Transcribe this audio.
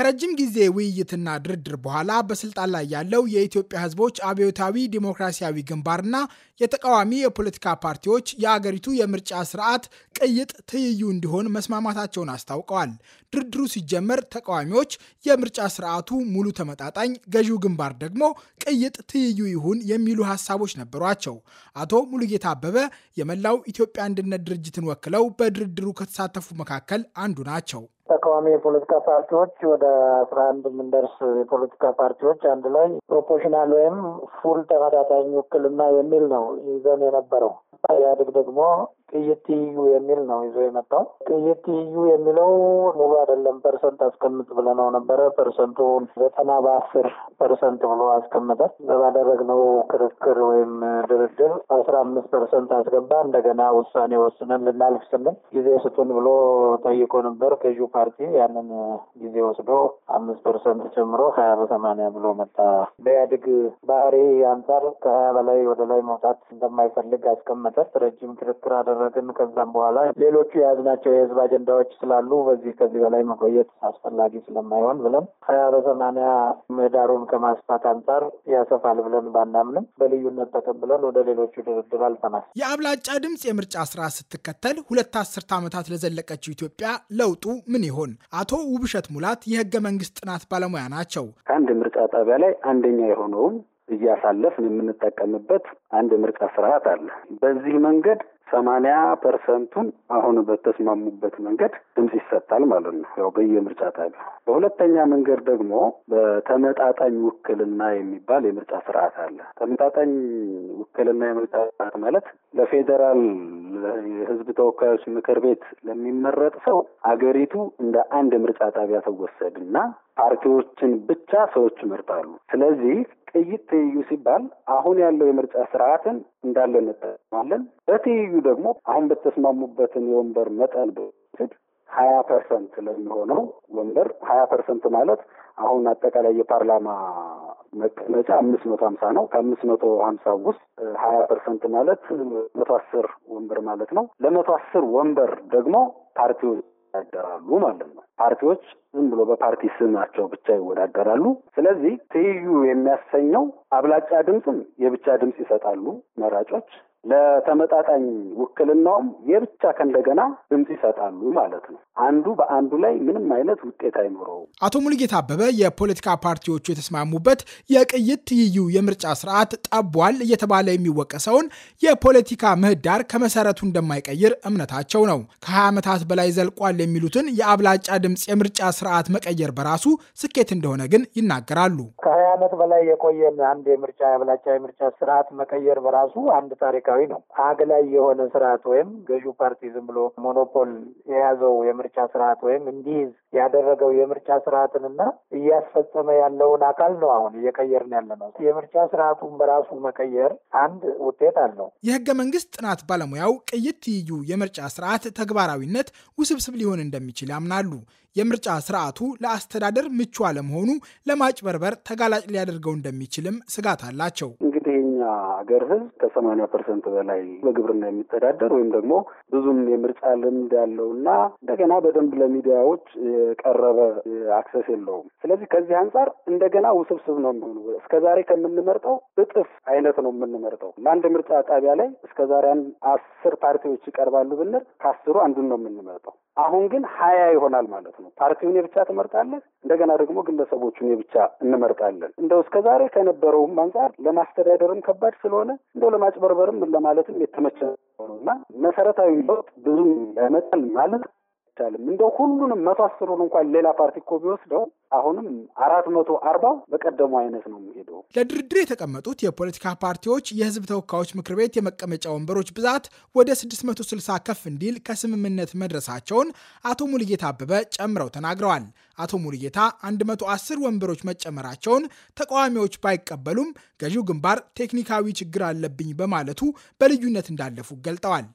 ከረጅም ጊዜ ውይይትና ድርድር በኋላ በስልጣን ላይ ያለው የኢትዮጵያ ሕዝቦች አብዮታዊ ዲሞክራሲያዊ ግንባርና የተቃዋሚ የፖለቲካ ፓርቲዎች የአገሪቱ የምርጫ ስርዓት ቅይጥ ትይዩ እንዲሆን መስማማታቸውን አስታውቀዋል። ድርድሩ ሲጀመር ተቃዋሚዎች የምርጫ ስርዓቱ ሙሉ ተመጣጣኝ፣ ገዢው ግንባር ደግሞ ቅይጥ ትይዩ ይሁን የሚሉ ሀሳቦች ነበሯቸው። አቶ ሙሉጌታ አበበ የመላው ኢትዮጵያ አንድነት ድርጅትን ወክለው በድርድሩ ከተሳተፉ መካከል አንዱ ናቸው። ተቃዋሚ የፖለቲካ ፓርቲዎች ወደ አስራ አንድ የምንደርስ የፖለቲካ ፓርቲዎች አንድ ላይ ፕሮፖርሽናል ወይም ፉል ተመጣጣኝ ውክልና የሚል ነው ይዘን የነበረው። ኢህአዴግ ደግሞ ቅይት ትይዩ የሚል ነው ይዞ የመጣው። ቅይት ትይዩ የሚለው ሙሉ አይደለም፣ ፐርሰንት አስቀምጥ ብለነው ነበረ። ፐርሰንቱን ዘጠና በአስር ፐርሰንት ብሎ አስቀመጠ። ባደረግነው ክርክር ወይም ድርድር አስራ አምስት ፐርሰንት አስገባ። እንደገና ውሳኔ ወስነን ልናልፍ ስንል ጊዜ ስጡን ብሎ ጠይቆ ነበር ከዩ ፓርቲ ያንን ጊዜ ወስዶ አምስት ፐርሰንት ጨምሮ ሀያ በሰማንያ ብሎ መጣ። በኢህአዴግ ባህሪ አንጻር ከሀያ በላይ ወደ ላይ መውጣት እንደማይፈልግ አስቀመጠ። ረጅም ክርክር አደረግን። ከዛም በኋላ ሌሎቹ የያዝናቸው የህዝብ አጀንዳዎች ስላሉ በዚህ ከዚህ በላይ መቆየት አስፈላጊ ስለማይሆን ብለን ሀያ በሰማንያ ምህዳሩን ከማስፋት አንጻር ያሰፋል ብለን ባናምንም በልዩነት ተቀብለን ወደ ሌሎቹ ድርድር አልፈናል። የአብላጫ ድምፅ የምርጫ ስራ ስትከተል ሁለት አስርት ዓመታት ለዘለቀችው ኢትዮጵያ ለውጡ ምን ይሆን? አቶ ውብሸት ሙላት የህገ መንግስት ጥናት ባለሙያ ናቸው። ከአንድ ምርጫ ጣቢያ ላይ አንደኛ የሆነውን እያሳለፍን የምንጠቀምበት አንድ ምርጫ ስርዓት አለ። በዚህ መንገድ ሰማንያ ፐርሰንቱን አሁን በተስማሙበት መንገድ ድምፅ ይሰጣል ማለት ነው፣ ያው በየምርጫ ጣቢያ። በሁለተኛ መንገድ ደግሞ በተመጣጣኝ ውክልና የሚባል የምርጫ ስርዓት አለ። ተመጣጣኝ ውክልና የምርጫ ስርዓት ማለት ለፌዴራል የህዝብ ተወካዮች ምክር ቤት ለሚመረጥ ሰው አገሪቱ እንደ አንድ ምርጫ ጣቢያ ተወሰድና ፓርቲዎችን ብቻ ሰዎች ይመርጣሉ። ስለዚህ ቅይጥ ትይዩ ሲባል አሁን ያለው የምርጫ ስርዓትን እንዳለ እንጠቀማለን። በትይዩ ደግሞ አሁን በተስማሙበትን የወንበር መጠን ብስድ ሀያ ፐርሰንት ለሚሆነው ወንበር ሀያ ፐርሰንት ማለት አሁን አጠቃላይ የፓርላማ መቀመጫ አምስት መቶ ሀምሳ ነው። ከአምስት መቶ ሀምሳ ውስጥ ሀያ ፐርሰንት ማለት መቶ አስር ወንበር ማለት ነው። ለመቶ አስር ወንበር ደግሞ ፓርቲው ያደራሉ ማለት ነው። ፓርቲዎች ዝም ብሎ በፓርቲ ስማቸው ብቻ ይወዳደራሉ። ስለዚህ ትይዩ የሚያሰኘው አብላጫ ድምፅም የብቻ ድምፅ ይሰጣሉ መራጮች ለተመጣጣኝ ውክልናውም የብቻ ከእንደገና ድምፅ ይሰጣሉ ማለት ነው። አንዱ በአንዱ ላይ ምንም አይነት ውጤት አይኖረው። አቶ ሙሉጌታ አበበ የፖለቲካ ፓርቲዎቹ የተስማሙበት የቅይት ትይዩ የምርጫ ስርዓት ጠቧል እየተባለ የሚወቀሰውን የፖለቲካ ምህዳር ከመሰረቱ እንደማይቀይር እምነታቸው ነው። ከሀያ ዓመታት በላይ ዘልቋል የሚሉትን የአብላጫ ድምፅ የምርጫ ስርዓት መቀየር በራሱ ስኬት እንደሆነ ግን ይናገራሉ። ከሀያ ዓመት በላይ የቆየን አንድ የምርጫ የአብላጫ የምርጫ ስርዓት መቀየር በራሱ አንድ ታሪካዊ ነው። አግላይ የሆነ ስርዓት ወይም ገዢ ፓርቲ ዝም ብሎ ሞኖፖል የያዘው የምርጫ ስርዓት ወይም እንዲይዝ ያደረገው የምርጫ ስርዓትንና እያስፈጸመ ያለውን አካል ነው አሁን እየቀየርን ያለ ነው። የምርጫ ስርዓቱን በራሱ መቀየር አንድ ውጤት አለው። የህገ መንግስት ጥናት ባለሙያው ቅይት ትይዩ የምርጫ ስርዓት ተግባራዊነት ውስብስብ ሊሆን እንደሚችል ያምናሉ። የምርጫ ስርዓቱ ለአስተዳደር ምቹ አለመሆኑ ለማጭበርበር ተጋላጭ ሊያደርገው እንደሚችልም ስጋት አላቸው። እንግዲህ የኛ አገር ሕዝብ ከሰማንያ ፐርሰንት በላይ በግብርና የሚተዳደር ወይም ደግሞ ብዙም የምርጫ ልምድ ያለውና እንደገና በደንብ ለሚዲያዎች የቀረበ አክሰስ የለውም። ስለዚህ ከዚህ አንጻር እንደገና ውስብስብ ነው የሚሆኑ። እስከዛሬ ከምንመርጠው እጥፍ አይነት ነው የምንመርጠው። ለአንድ ምርጫ ጣቢያ ላይ እስከዛሬ አስር ፓርቲዎች ይቀርባሉ ብንል ከአስሩ አንዱን ነው የምንመርጠው። አሁን ግን ሀያ ይሆናል ማለት ነው። ፓርቲውን የብቻ ትመርጣለህ፣ እንደገና ደግሞ ግለሰቦቹን የብቻ እንመርጣለን። እንደው እስከ ዛሬ ከነበረውም አንጻር ለማስተዳደርም ከባድ ስለሆነ እንደው ለማጭበርበርም ለማለትም የተመቸ ነው እና መሰረታዊ ለውጥ ብዙም ያመጣል ማለት አይቻልም። እንደው ሁሉንም መቶ አስሩን እንኳን ሌላ ፓርቲ እኮ ቢወስደው አሁንም አራት መቶ አርባው በቀደሙ አይነት ነው የሚሄደው። ለድርድር የተቀመጡት የፖለቲካ ፓርቲዎች የህዝብ ተወካዮች ምክር ቤት የመቀመጫ ወንበሮች ብዛት ወደ 660 ከፍ እንዲል ከስምምነት መድረሳቸውን አቶ ሙልጌታ አበበ ጨምረው ተናግረዋል። አቶ ሙልጌታ 110 ወንበሮች መጨመራቸውን ተቃዋሚዎች ባይቀበሉም ገዢው ግንባር ቴክኒካዊ ችግር አለብኝ በማለቱ በልዩነት እንዳለፉ ገልጠዋል።